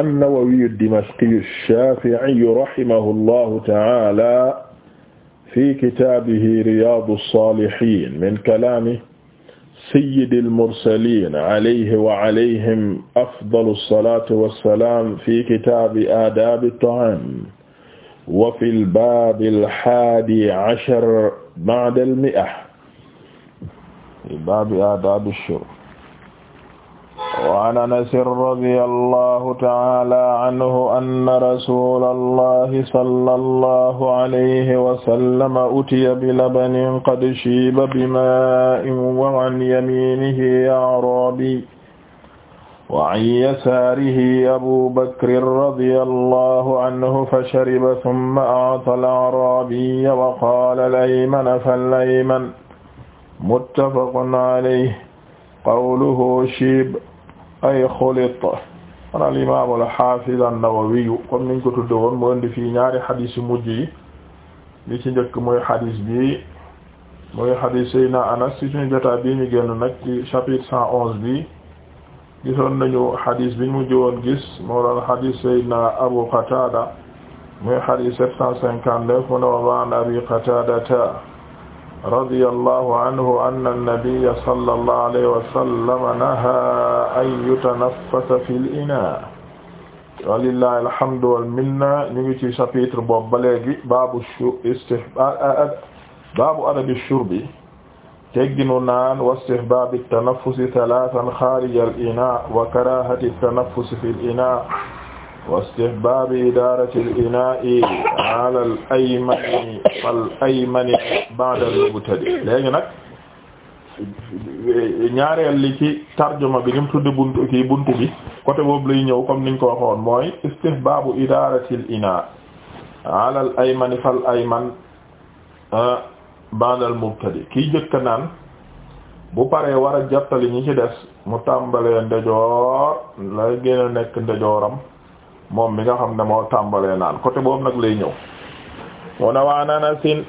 an-Nawawi ad-Dimashqi ash-Shafi'i rahimahullahu ta'ala fi kitaabihi Riyaadu as-Saalihiin min kalaami sayyidil mursaliin alayhi wa alayhim afdalu as-salaatu was-salaam fi kitaabi aadaabi at-ta'aam wa fil baabil haadi ashar ba'da al-mi'a fi baabi aadaabi ash-shurb waan anasin radiyallahu ta'ala anhu anna rasulallahi sallallahu alayhi wa sallam utiya bilabanin qad shiiba bimaa'in wa an yamiinihi a'raabi wa an yasaarihi abu bakrin radiyallahu anhu fashariba thumma a'ta al-a'raabiyya wa qaala al-aymanu fal-ayman muttafaqun alayhi qawluhu shiib ay xulit an al imam al comme niñ ko tudde woon mu indi fii ñaari xadis yu mujj yi li ci njëkk mooy xadis bi mooy xadis Seydina Anas ci suñu jotaa bi ñu génn nag ci chapitre cent onze bi gisoon nañu xadis biñ mujj woon gis moo doon xadis Seydina Abu Qatada mooy xadis sept cent cinquante neuf mu ne wa radiyallahu anhu anna nabiyya sallallahu alayhi wa sallam nahaa an yutanaffasa fil inaa walillahi alhamdu wal minna ñu ngi ci chapitre boobu ba léegi baabu istihbaab baabu adabi shurbi tegginu naan wa istihbaabi tanaffusi talaatan xaarija al inaa wa karaahati tanaffusi fil inaa واستحباب إدارة الإناء على الأيمن فالأيمن بعد المبتدئ léegi nag ñaareel li ci tarjuma bi ni mu tudde buntu kii buntu bi côté boobu lay ñëw comme niñ ko waxoon mooy istihbaabu idaarati al-inaa ala al-ayman fal-ayman ba'da al-mubtadi kii naan bu pare war a jottali ñi ci des mu tàmbalee ndejoor la gën a nekk ndejooram moom bi nga xam ne moo tàmbalee naan côté boobu nag lay ñëw mu ne waan anasin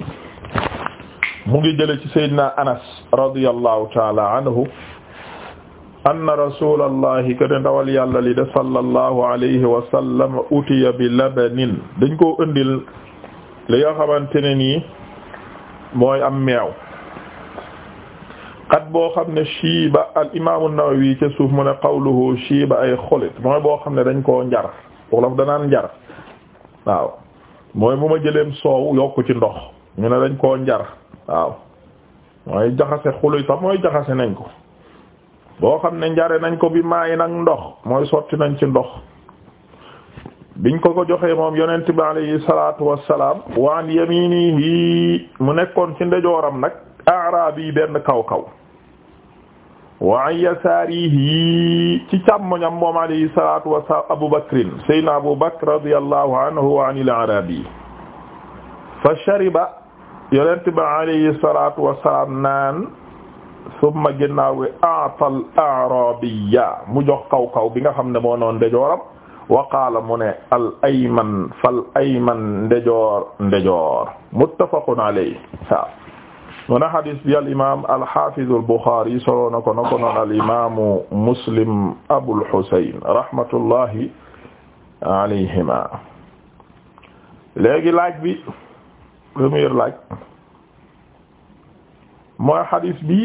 mu ngi jële ci sayyidina anas radiyallahu taala anhu anna rasulallahi que de ndawal yàlla li de alayhi wa utiya bi labanin dañ koo indil li nga xamante ne nii mooy am meew xat boo xam ne shiiba al imaamu Nawawi ca suuf mu ne qawluhu shiiba ay xolit mooy boo xam ne dañ koo njar wolof danaan njar waaw mooy bu ma jëleem soow yokk ci ndox ñu ne dañ koo njar waaw mooy jaxase xuluy mooy jaxase nañ ko boo xam ne njare nañ ko bi maayi nag ndox mooy sotti nañ ci ndox biñ ko ko joxee moom yonent bi alayhi salaatu wassalaam waan yaminihi mu nekkoon ci ndejooram nag araab yi benn kaw kaw wa an yasaarihi ci càmmoñam moom alayhi salatu wasalaam Abu Bakrin sayyidina Abu Bakr radiyallahu anhu wa anil arabi fa shariba yonent ba alayhi salatu wasalaam naan summa ginnaaw aatal arabiya mu jox kaw kaw bi nga xam ne moo noon ndejooram wa qaala mu ne al ayman fal ayman ndejoor ndejoor muttafaqun alayhi waaw mun a xadis bi al imaam al xaafizu al buxaari solo na ko noon al muslim abul xusayn rahmatullahi alayhima léegi laaj bi première laaj mooy xadis bi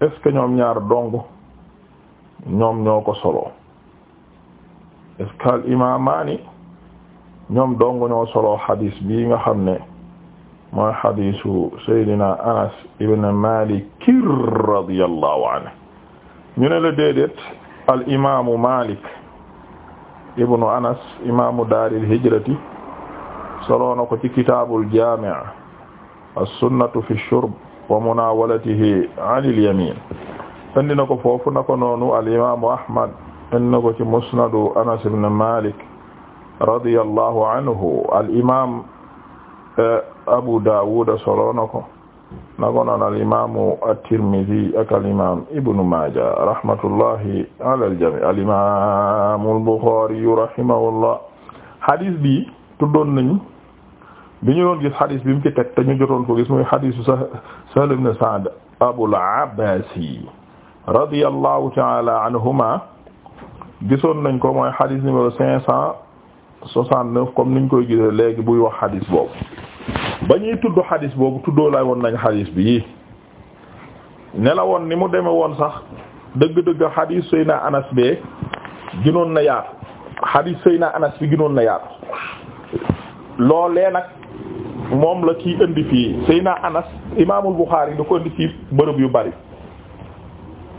est-ce ñoom ñaar dong ñoom ñoo ko solo est-ce que ñoom dong ñoo solo xadis bi nga xam ne. mooy xadiisu Seydina Anas ibn Malik radiyallahu anhu ñu ne la déedéet al imaamu Malik ibnu Anas imaamu daaril hijrati solo na ko ci kitaabul jaami' as-sunnatu fi shurb wa munaawalatihi anil yamin indi na ko foofu na ko noonu al imaamu Ahmad indi na ko ci musnadu Anas ibn Malik radiyallahu anhu al imaam eh, Abu Dawud solo na ko nako noon alimamu at-Tirmidhi ak alimam Ibnu Maaja rahmatullahi ala al-jami' al-Bukhari rahimahullah hadis bi tuddoon nañu bi ñu doon gis hadis bi mu ci teg ñu jotoon ko gis muy hadisu Sahl ibn Sa'd Abul Abbasi radiyallahu ta'ala anhuma gisoon nañ ko mooy hadis numéro cinq cent soixante-neuf comme niñ koy gisee léegi buy wax hadis boobu ba ñuy tudd xadis boobu tuddoo lay woon nañ xadis bi yii ne la woon ni mu deme woon sax dëgg-dëgg xadis Seyna Anas bee ginoon na yaatu xadis Seyna Anas bi ginoon na yaatu loolee nag moom la kiy indi fii Seyna Anas imaamul Buxaari da ko indi ci bërëb yu bari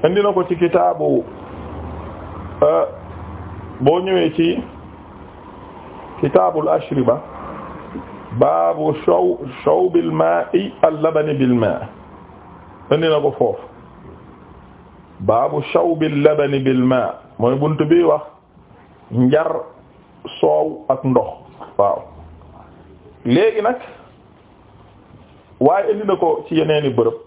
indi na ko ci kitaabu euh, boo ñëwee ci kitaabul ashriba baabu show show bil maa'i al labani bil maa'i indi na ko foofu baabu show bil labani bil maa'i mooy bunt bi wax njar soow ak ndox waaw léegi nag waaye indi na ko ci yeneeni bërëb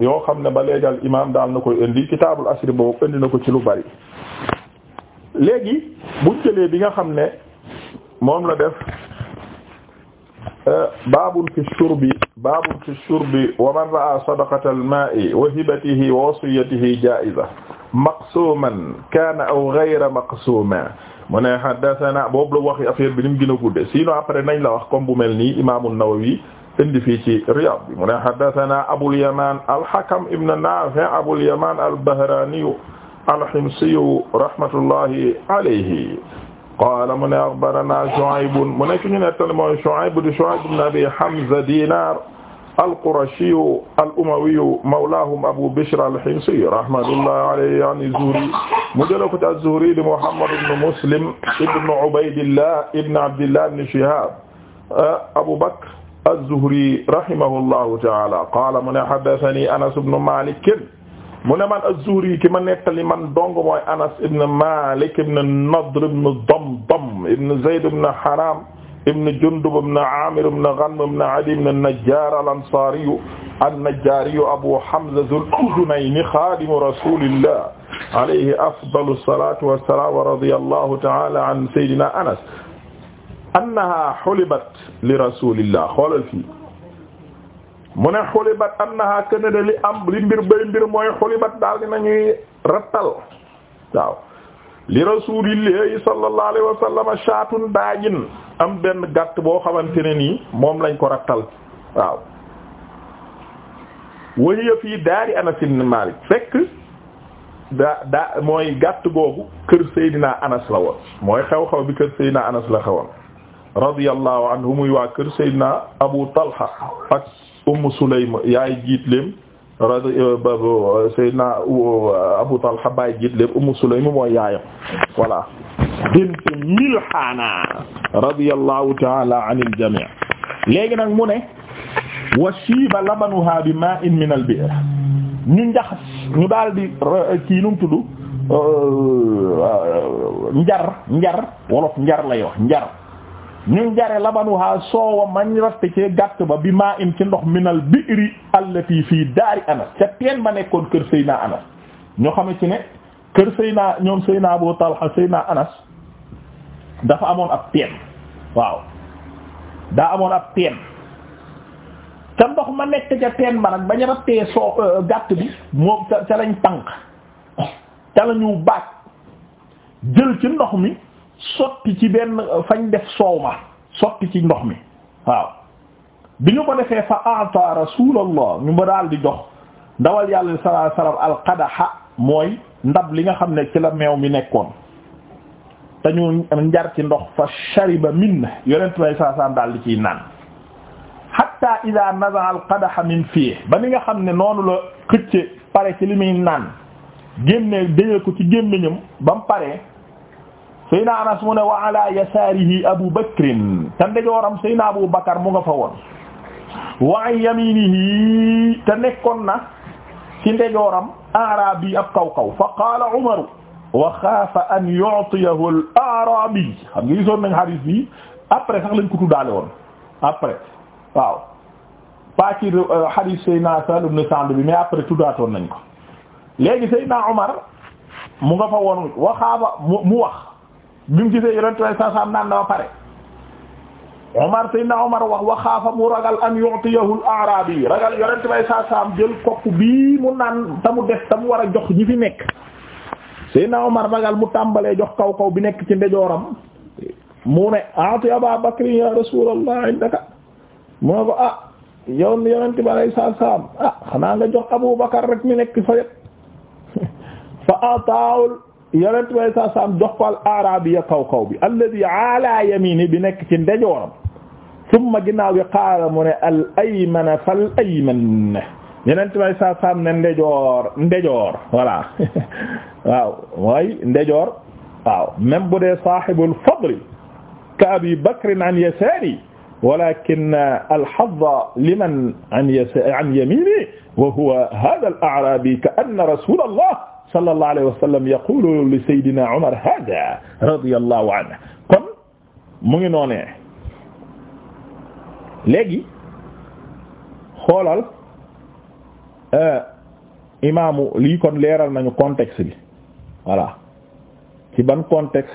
yoo xam ne ba léegi al imaam daal na koy indi kitaabul asri boobu indi na ko ci lu bari léegi bu jëlee bi nga xam ne moom la def baabun fi shurbi baabun fi shurbi wa man ra'a sadaqata al-maa'i wa hibatihi wa wasiyyatihi jaa'iza maqsuman kaana aw ghayra maqsuman mu ne haddathana boobu la wax affaire bi ni mu gën a gudde sinon après nañ la wax comme bu mel nii imaam an-Nawawi indi fii ci Riyad bi mu ne haddathana Abul Yaman al-Hakam ibn Nafi' Abul Yaman al-Bahrani al-Himsi rahmatullahi alayhi qaala mu ne axbaranaa Shuayb mu nekk ñu nettali mooy Shuayb di Shuayb ibn Abi Hamza Diinaar al-Qurashiyu al-Umawiyu mawlaahum Abu Bishr al-Himsi rahmatullahi alayhi an az-Zuhri mu jëla ko ci az-Zuhri di Muhammad ibn Muslim ibn Ubaydillah ibn Abdillah ibn Shihab Abu Bakr az-Zuhri rahimahullahu ta'ala qaala mu ne haddathanii Anas ibn Maalik mu ne man az-Zuhri ki ma nettali man dong mooy Anas ibn Malik ibn Nadr ibn Damdam ibn Zayd ibn Haram ibn Jundub ibn Amir ibn Ghanm ibn Adi ibn an-Najjar al-Ansari an-Najjari Abu Hamza Dhul Udhunayn khadim rasulillah alayhi afdalu salatu wassalam wa radiyallahu ta'ala an sayyidina Anas annaha hulibat li rasulillah xoolal fii mu ne xulibat annaha kënëda li am li mbir bay mbir mooy xulibat daal dinañuy rattal waaw li rasuulillahi sallallahu alayhi wa sallam shaatun daajin am benn gàtt boo xamante ne nii moom lañ ko rattal waaw wa hiya fii daari Anas ibn Maalik fekk daa daa mooy gàtt googu kër Seydina Anas la woon mooy xew-xew bi kër Seydina Anas la xewoon radiyallahu anhu muy waa kër Seydina Abu Talha ak Umm Sulaym yaay jiitleem radi euh, Seydina euh, Abu Talha baay jiitleem Umm Sulaym mooy yaayam voilà bint Milhana radiyallahu ta'ala anil jami' léegi nag mu ne wa shiiba labanuha bi ma'in min al-bi'r ñu njaxas ñu daal di euh, kii num tudd njar njar wolof njar lay wax njar ñu jare labanuha soowa mañ raste ci gàtt ba bi maa in ci ndox minal bi'ri allati fii daari anas ca teen ba nekkoon kër Seyna anas ñoo xam ci ne kër naa ñoom sëy naa Seyna Abu Talha naa anas dafa amoon ab teen waaw daa amoon ab teen ca ndox ma nekk ca teen ba nag bañ rattee soo euh, gàtt bi moom ca lañ tànk ca lañu baat jël ci ndox mi sotti ci benn fañ def soow ma sotti ci ndox mi waaw bi ñu ko defee fa ata rasulallah ñu ma daal di dox ndawal yàlla sallallahu alayhi wasallam mooy ndab li nga xam ne ci la meew mi nekkoon te ñu njar ci ndox fa shariba min yonent may saa saa daal di ciy naan hatta ida naza alqadaha min fii ba ni nga xam ne noonu la xëcce pare ci li muy naan génne déñal ko ci gémmiñam ba mu paree Seyna Anas mu ne wa ala yasaarihi Abu Bakrin te ndejooram Seyna Abu Bakar mu nga fa woon wa yaminihi te nekkoon na ci ndejooram arabi ab kaw kaw fa wa xaafa an yu'tiyahu al-arabi xam nga gisoon nañ hadith bi après sax lañ ko tuddaale woon après waaw pas euh, bi mais après nañ ko léegi Seyna Umar mu nga wa xaafa mu wax. bi mu gisee yonent way sa sam naan na ba pare Omar Seydina Omar wax wa xaafa mu ragal an yu'tiyahu a arabi ragal yonent way sa sam jël kopp bi mu naan ta mu def ta mu war a jox ñi fi nekk Seydina Omar ragal mu tàmbalee jox kaw kaw bi nekk ci ndejooram mu ne a'ti Aba Bakri ya Rasulallah indaka mu ne ko ah yow yonent bi ah, xanaa nga jox Abu rek mi nekk fa yet fa ata'ul yonent bay saa saam jox ko al arabiya kaw kaw bi alladhi ala yamini bi nekk ci ndejooram summa ginnaaw bi qaala mu ne al aymana fal ayman yonent bay saa saam ne ndejoor ndejoor voilà waaw mooy ndejoor waaw même bu dee sahibul fadli ka abi bakrin an yasari walakin alhadda liman an yamini wa huwa hadha al arabi ka anna rasulullah sallallahu alayhi wa sallam yaqulu li saydina Umar hada radiyallahu anhu kon mu ngi noonee léegi xoolal euh, imaamu lii kon leeral nañu contexte bi voilà ci ban contexte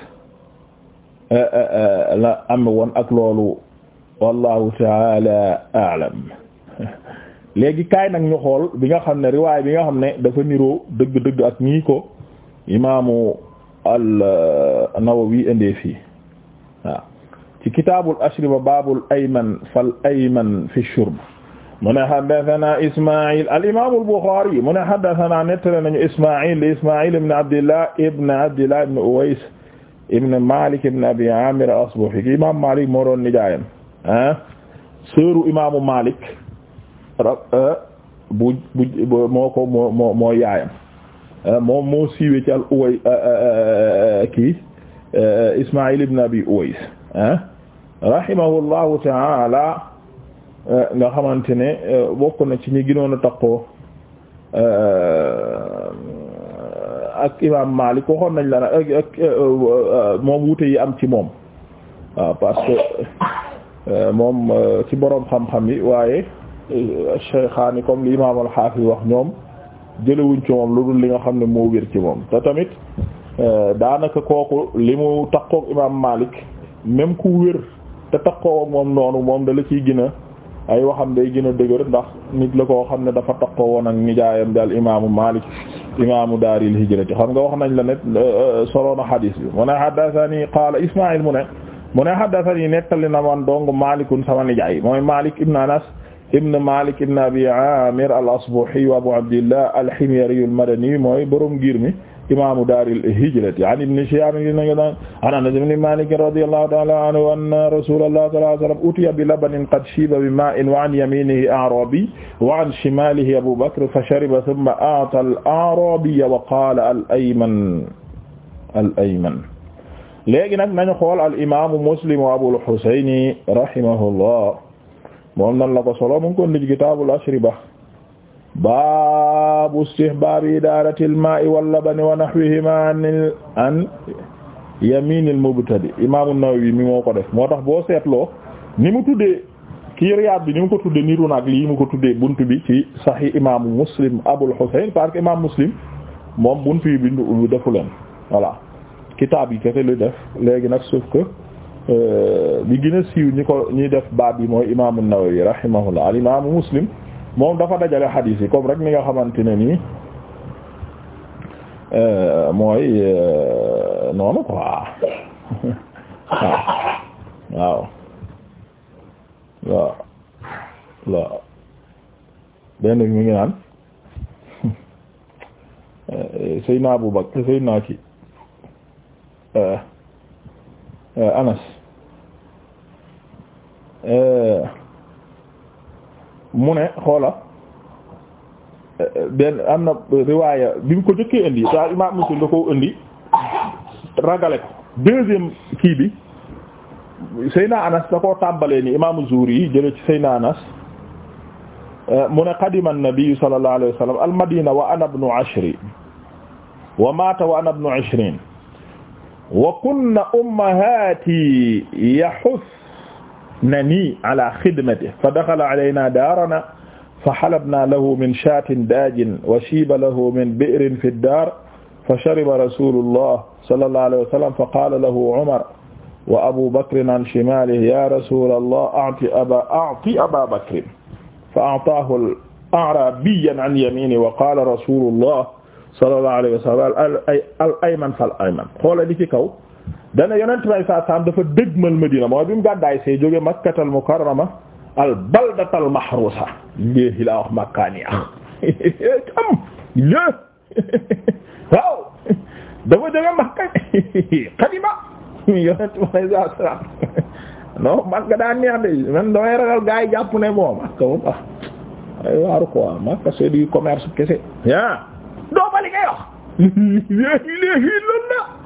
euh, euh, la am woon ak loolu wallahu ta'ala a'lam léegi kaay nag ñu xool bi nga xam ne riwaay bi nga xam ne dafa niroo dëgg-dëgg ak ñii ko imaamu an-Nawawi euh, indee fii waaw ci kitaabul ashriba baabul ayman fal ayman fi shurb mu ne haddathana Isma'il al imaamul Bukhari mu ne haddathana nettali nañu Isma'il li Isma'il ibn Abdillah ibn Abdillah ibn Uways ibn Malik ibn Abi Amir al-Asbahi imaam Malik moo doon nijaayam ah Malik Euh, bu bu moo ko moo moo moo yaayam euh, moom moo siiwee ci al Uways euh, kii Ismaïl ibn Abi Uways ah rahimahullahu nga xamante ne bokk na ci ñi gënoon a taqoo ak imaam Maalik waxoon nañ la ak moom wuute yi am ci moom parce que moom ci boroom xam-xam yi waaye Shaykhaani comme li imaam al-Haafiz wax ñoom jëlewuñ ci moom lu dul li nga xam ne moo wér ci moom te tamit euh, daanaka kooku li mu takkook imaam Maalik même ku wér te takkoo ak moom noonu moom dala ciy gën a ay waxam day gën a dëgër ndax nit la ko xam ne dafa takkoo woon ak nijaayam daal imaamu Maalik imaamu daaril hijrati xam nga wax nañ la ne euh, soloon a xadiis bi mu ne haddathani qaala Ismaa'il mu ne mu ne haddathani nettali na man dong Maalikun sama nijaay ibn Malik ibn Abi Amir al-Asbahi wa Abu Abdillah al-Himyari al-Madani mooy borom ngir mi imaamu daaril hijrati an ibn Shihab an Anas ibn Malik radiyallahu ta'ala anhu anna Rasulullah sallallahu alayhi wa sallam utiya bi labanin qad shiba bi ma'in wa an yaminihi a'rabi wa an shimalihi Abu Bakr fa shariba thumma a'ta al-a'rabiyya wa qala al-ayman al-ayman léegi nag nañu xool al-imaamu Muslim wa Abul Husayn rahimahullah moom nan la ko solo mu ngi ko ndij kitaabul ashriba baabu istihbaabi idaaratil maa'i wal labani wa nahwihimaa an yamiinil mubtadi imaamu Nawawi mi moo ko def moo tax boo seetloo ni mu tuddee kii Riyaad bi ni mu ko tuddee niru nag lii mu ko tuddee bunt bi ci Sahih imaamu Muslim Abul Husayn parce que imaamu Muslim moom bunt yi bindu defu leen voilà kitaab yi kese lu def léegi nag sauf que bi euh, gën a siiw ñi ko ñuy def baab yi mooy imaamu Nawawi rahimahullah al imaamu Muslim moom dafa dajale xadiis yi comme rek ni nga xamante ne nii euh, mooy euh, noonu quoi waaw waaw waaw benn mu ngi naan Seydina Abu Bakr Seydina ki Anas Euh, mu ne xoola euh, benn am na riwaaya bi mu ko jëkkee indi saa imaam Muslim da koo indi ragale ko deuxième kii bi Seyna Anas da koo tàmbalee ni imaamu Zuhri yi jële ci Seyna Anas euh, mu ne qadima an-nabi sallallahu alayhi wa sallam al-madina wa ana ibnu ashri wa mata wa ana ibnu ishrin wa kunna ummahati yahus na nii ala xidmati fa daxala alaynaa daarana fa xalabnaa lahu min shaatin daajin wa shiiba lahu min bi'rin fi daar fa shariba rasuulullah sallallahu alayhi wa sallam fa qaala lahu Umar wa Abu Bakrin an shimaalihi yaa rasuulallah a'ti abaa a'ti Abaa Bakrin fa a'taahu al-a'raabiyyan an yamiinihi wa qaala rasuulullah sallallahu alayhi wa sallam al-ayman fal-ayman xoola li ci kaw dana yonent bay saa saam dafa dëgmal Medina mooy bi mu gàddaay see jóge makkatal mukarrama al baldatal mahrusa léegi laa wax makkaani ah am léegi waaw dafa jóge makka xadima yonent bay saa saam non makka daa neex de man damay ragal gaa jàpp ne bon makka moom ay waaru quoi makka c'est du commerce kese. yaa doo bali ngay wax léegi léegi loolu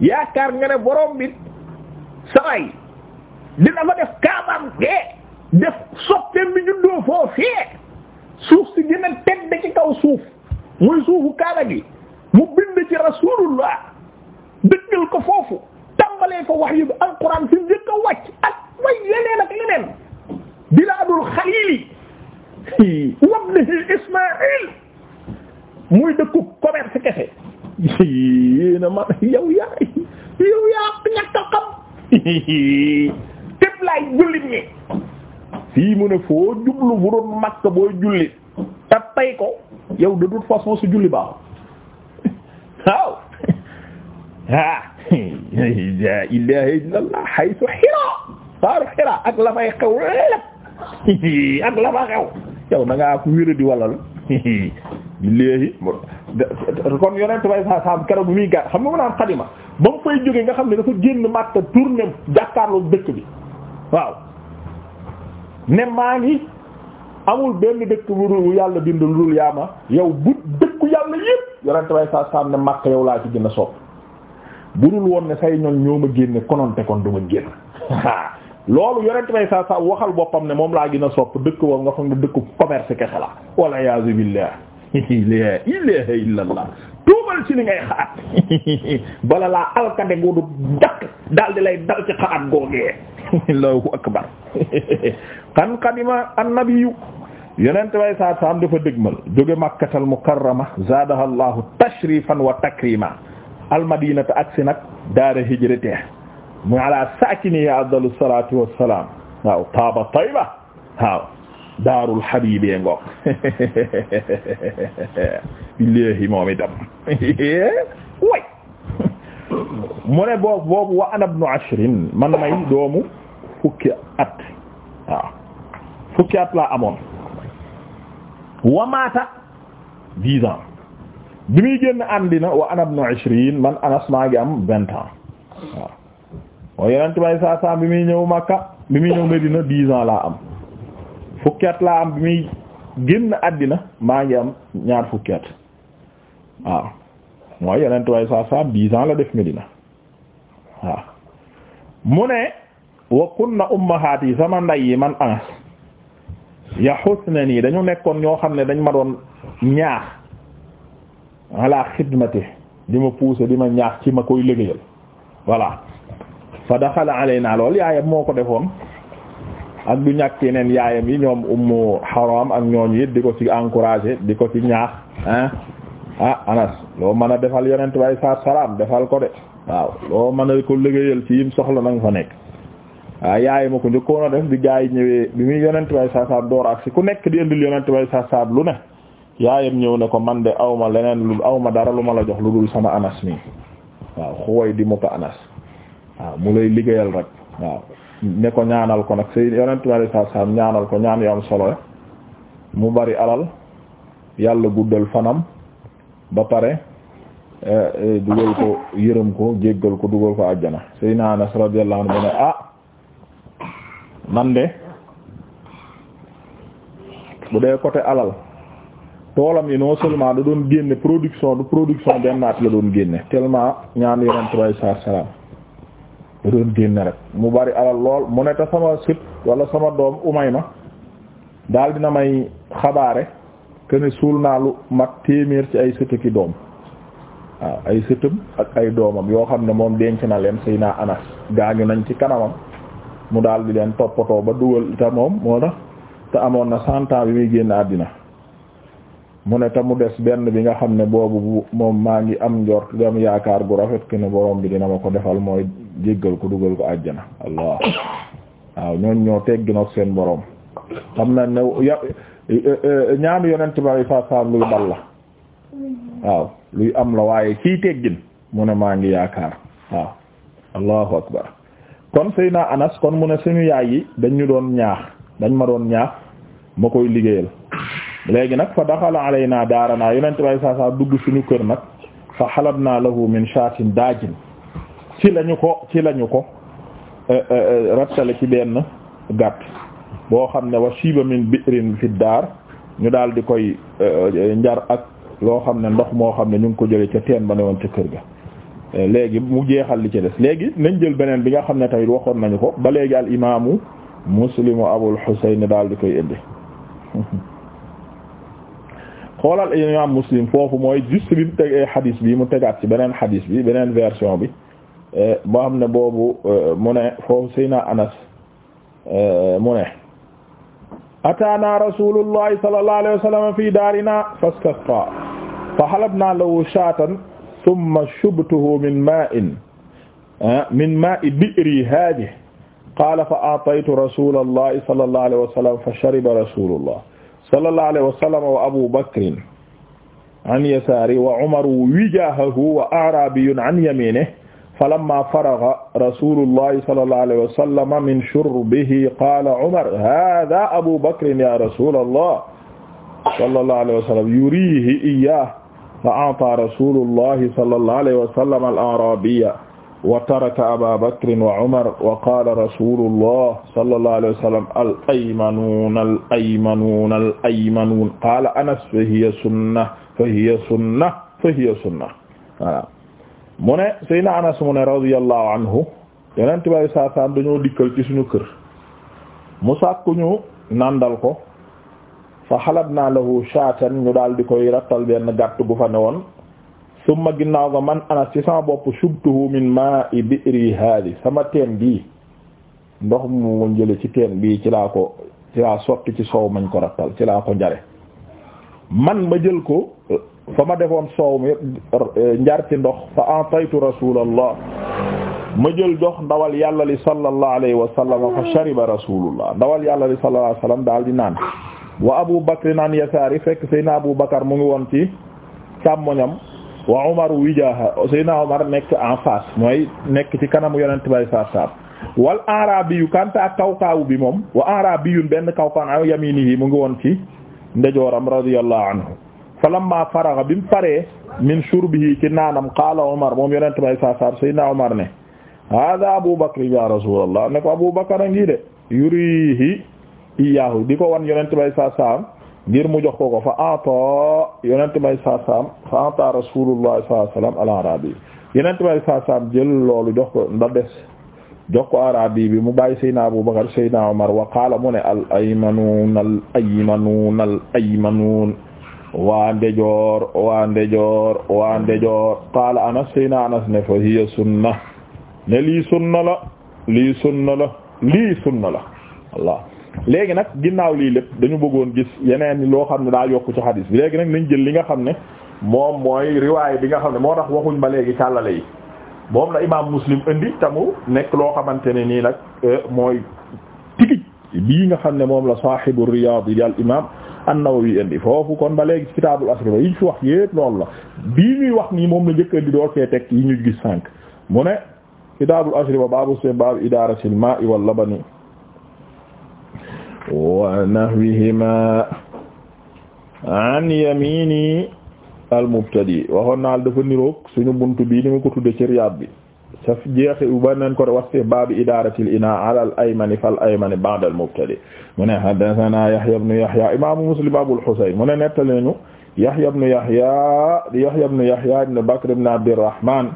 yaakaar nga ne borom bi saray dina fa def kaabam gee def soppeem bi juddoo foofee suuf si gën a tedd ci kaw suuf muy suufu kaaba gi mu bind ci rasulullah dëggal ko foofu tàmbalee ko wax yu alquran fi njëkk a wàcc ak way yeneen ak yeneen bilaadul xalili wabnihi ismail muy dëkku commerce kese yéena yaa yow yaa ñàkk a xam tépp laay jullit ñi fii mu ne foo jublu bu doon Makka booy julli te ko yow de toute façon su julli baaxul waaw ah la ilaha illallah haytu Hira xaaru Hira ak la fay xew lépp ak la fa xew yow na ngaa ko wéradi léegi kon yonent bay sa sam keroog bi muy gàtt xam nga mu a xadima ba jógee nga xam ne dafa génn Makka tourné jàkkaarloo dëkk bi waaw maa ngi amul benn dëkk bu yàlla bind lu dul ma yow bu dëkku yàlla yépp yonent bay sa sam ne Makka yow laa ci gën a sopp bu dul woon ne say ñoñ ñoo ma génne kononte kon du ma génn loolu yonent bay sa sam waxal boppam ne moom laa gën a sopp dëkk boobu nga xam ne dëkku commerce kese la wala yaazu billah la ilaha illallah tuubal ci li ngay xalaat bala laa alkade gudu dakk daal di lay dal ci xalaat googee allahu akbar xan qadima annabiyyu yonente way saat saam dafa dëgmal jóge makkatal mukarrama zaadaha allahu tashrifan wa takrima almadinata ak si nag daara hijrate mu ala saakinihi afdalu salatu wassalam waaw taaba tayba waaw daarul xabibee ngoog billahi moom itam way mu boobu boobu wa man may doomu fukki at fukki at laa amoon wa maata dix ans bi muy génn àndina wa ana man anas maa am vingt ans waaw mooy yeneen may saa bi muy ñëw Makka bi muy ñëw Medina dix ans laa am fukki at laa am bi muy génn àddina maa ngi am ñaar fukki waaw mooy yenent waaye saa saa dix la def Medina waaw mu ne wa kunna ummahaat yi sama nday yi man ans yahusnani dañu nekkoon ñoo xam ne dañ ma doon ñaax ala xidmati di ma pousser di ma ñaax ci ma koy liggéeyal voilà fa daxala alayna lool yaayam moo ko defoon ak du ñàkk yeneen yaayam yi ñoom ummu am ak ñooñu it di ko ci encourager di ko ci ñaax ah ah anas loo mën a defal yeneentuwaay bay saat salaam defal ko de waaw loo mën a ko liggéeyal ci yim soxla na nga fa nekk waaw ah, yaay ma ko njëkkoon a def bi gaa yi ñëwee bi muy yonent bay saat saat door ak si ku nekk di indil yonent bay saat lu ne yaayam ñëw ne ko man de awma leneen lu awma dara lu ma la jox lu dul sama anas nii waaw xooy di ma anas mu lay liggéeyal rek ne ko ñaanal ko nag say yonent bi alayhi salaam ñaanal ko ñaan yu am solo mu bari alal yàlla guddal fanam ba pare eh, eh, dugal ko yërëm ko jéggal ko dugal ko àjjana Seydina Anas radiyallahu anhu ne ah man de bu dee côté alal toolam yi non seulement da doon génne production du production benn naat la doon génne tellement ñaan yonent bi alayhi salaam doon génne rek mu bari alal lool mu ne te sama sët wala sama doom Umayma daal dina may xabaare que suul naa lu mat téeméer ci ay sët doom waaw ay sëtam ak ay doomam yoo xam ne moom denc na leen naa Anas gaañu nañ ci kanamam mu daal di leen toppatoo ba dugal te moom moo tax te amoon na cent ans bi muy génn àddina mu ne te mu des benn bi nga xam ne boobu moom maa ngi am njort dam yaakaar gu rafet que ne borom bi dina ma ko defal mooy jéggal ko dugal ko àjjana allah waaw ñoom ñoo tegginook seen boroom xam na ne e, e, e, ñaanu yonent bari fa saam luy bal la waaw luy am la waaye ciy teggin mu ne maa ngi yaakaar waaw allahu akbar kon sëy naa anas kon mu ne suñu yaay yi dañ ñu doon ñaax dañ ma doon ñaax ma koy liggéeyal léegi nag fa daxala alayna daarana yonent bari fa saam dugg suñu kër nag fa xalab naa lahu min shaatin daajin ci lañu ko ci lañu ko euh, euh, euh, rattale ci benn gàtt boo xam ne wa shiba min bi'rin fi daar ñu daal di koy njar ak loo xam ne ndox moo xam ne ñu ngi ko jëlee ca teen ba ne woon ca kër ga léegi mu jeexal li ci des léegi nañ jël beneen bi nga xam ne tamit waxoon nañu ko ba léegi al imaamu muslimu abul husayn daal di koy indi xoolal imaam muslim foofu mooy juste bi mu tegee eh, xadiis bi mu tegaat ci beneen xadiis bi beneen version bi Eh, boo xam ne boobu eh, mu ne foofu sayna anas eh, mu ne ataana rasulullahi sallallahu alayhi wa sallam fi daarina fastasqa fa halabna lahu shaatan thumma shubtuhu min ma'in min ma'i bi'ri haadihi qaala fa a'taytu rasulallahi sallallahu alayhi wa sallam fa shariba rasulullah sallallahu alayhi wa sallam wa abu bakrin an yasaarihi wa umaru wijaahahu wa a'raabiyyun an yamiinihi falamma faraga rasulullahi sallallahu alayhi wa sallam min shurbihi qaala Umar haaza Abu Bakrin ya rasulallah sallallahu alayhi wa sallam yuriihi iyyaahu fa a'taa rasulullahi sallallahu alayhi wa sallam al-a'raabiyya wa taraka Abaa Bakrin wa Umar wa qaala rasulullah sallallahu alayhi wa sallam al-aymanuuna al-aymanuuna al-aymanuuna qaala Anas fahiya sunna fahiya sunna fahiya sunna mu ne Seydina Anas mu ne radiyallahu anhu yeneen tubaab saa saa dañoo dikkal ci suñu kër mu sàkku ñu nandal ko fa halabna lahu shaatan ñu daal di koy rattal benn gàtt gu fa newoon summa ginnaaw ga man Anas ci sama bopp shubtuhu min ma'i bi'ri haadi sama teen bii ndox mu jële ci teen bii ci laa ko ci sotti ci soow mañ ko rattal ci laa ko njare man ma jël ko fa ma defoon soow mi eh, njar ci ndox fa ataytu rasulallah ma jël jox ndawal yàlla li sallallahu alayhi wa sallam fa shariba rasulullah ndawal yàlla li sallallahu daal di naan wa abu bakr naan yasaari fekk sayna abu bakar mu ngi woon ci càmmoñam wa umar wijaha sayna umar nekk en face mooy nekk ci kanamu yonent bay sar sab wal arabiyu kanta kawkaawu bi moom wa arabiyun benn kawkaan a yaminihi mu ngi woon ci ndejooram radiyallahu anhu falamma faraga bi mu paree min shurbihi ci naanam qaala Omar moom yonent bay saa saar Seydina ne hada Abu ya Rasulullah ne ko Abu Bakr ngi ko wan yonent bay saa ngir mu jox ko fa ata yonent bay saa saam fa ata Rasulullah sallallahu alayhi wasallam al arabi yonent bay saa mu bàyyi Seydina Abu Bakr Seydina Omar wa qaala mu ne al aymanuun waa ndejoor waa ndejoor waa ndejoor qaala anas sayna anas ne fa hiya sunna ne lii sunna la lii sunna la lii sunna la walla léegi nag ginnaaw lii lépp dañu bëggoon gis yeneen loo xam ne daa yokk ci xadiis bi léegi nag nañ jël li nga xam ne moom mooy riwaay bi nga xam ne moo tax waxuñ ba léegi càllale yi moom la imaam muslim indi tamu nekk loo xamante ne nii nag euh, mooy tigi bii nga xam ne moom la saaxibu riyaad yi al imaam an-Nawawi indi foofu kon ba léegi kitaabul asriba yi ñu fi wax yépp loolu la bii ñuy wax nii moom la njëkk di door fee teg yi ñu gis cinq mu ne kitaabul asriba baabu se baabu idaaratil maa'i wal labani wa nahwihimaa an yamini al mubtadi waxoon naal dafa niroog suñu bunt bii ni mu ko tudde ci Riyaad bi ca jeexi ba nañ ko waxte baabi idaaratil inaa ala al aymani fal aymani ba'da al mubtadi mu ne haddathana Yahya ibn Yahya imaamu Muslim Abul Husayn mu ne nettali nañu Yahya ibn Yahya Yahya ibn Yahya ibn Bakr ibn Abdirrahman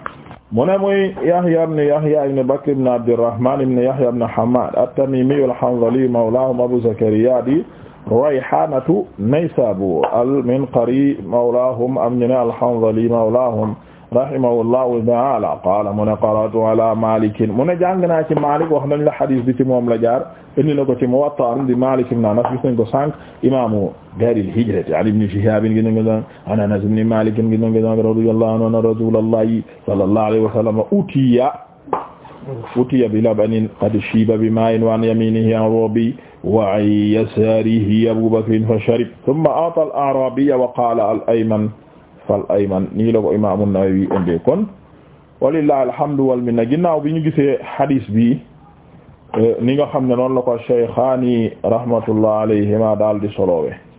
mu ne muy Yahya ibn Yahya ibn Bakr ibn Abdirrahman ibn Yahya ibn Hammad at-Tamimi al-Hanzali mawlahum Abu Zakariya di Rayhanatu Naysabur al-Minqari mawlahum am ñu ne al-Hanzali mawlahum rahimahullahu ta'ala qaala mu ne qara'tu ala malikin mu ne jàng naa ci Malik wax nañ la hadis bi ci moom la jaar indi na ko ci Muwatta di Malik ibn Anas gis nañ ko sànq imaamu daaril hijrati an ibn Shihab gis nañ ko sànq an Anas ibn Malik gis nañ ko sànq radiyallahu anhu anna rasulallahi sallallahu alayhi wa sallam utiya utiya bi labanin qad shiba bi ma'in wa an yaminihi a'rabi wa an yasarihi Abu Bakr fa sharib thumma a'ta al-a'rabiya wa qala al-ayman fal ayman nii la ko imaamu Nawawi indee kon walillahi alhamdu wal minna ginnaaw bi ñu gisee hadis bi eh, ni nga xam ne noonu la ko Shaykhaani rahmatullah alayhima daal di solowee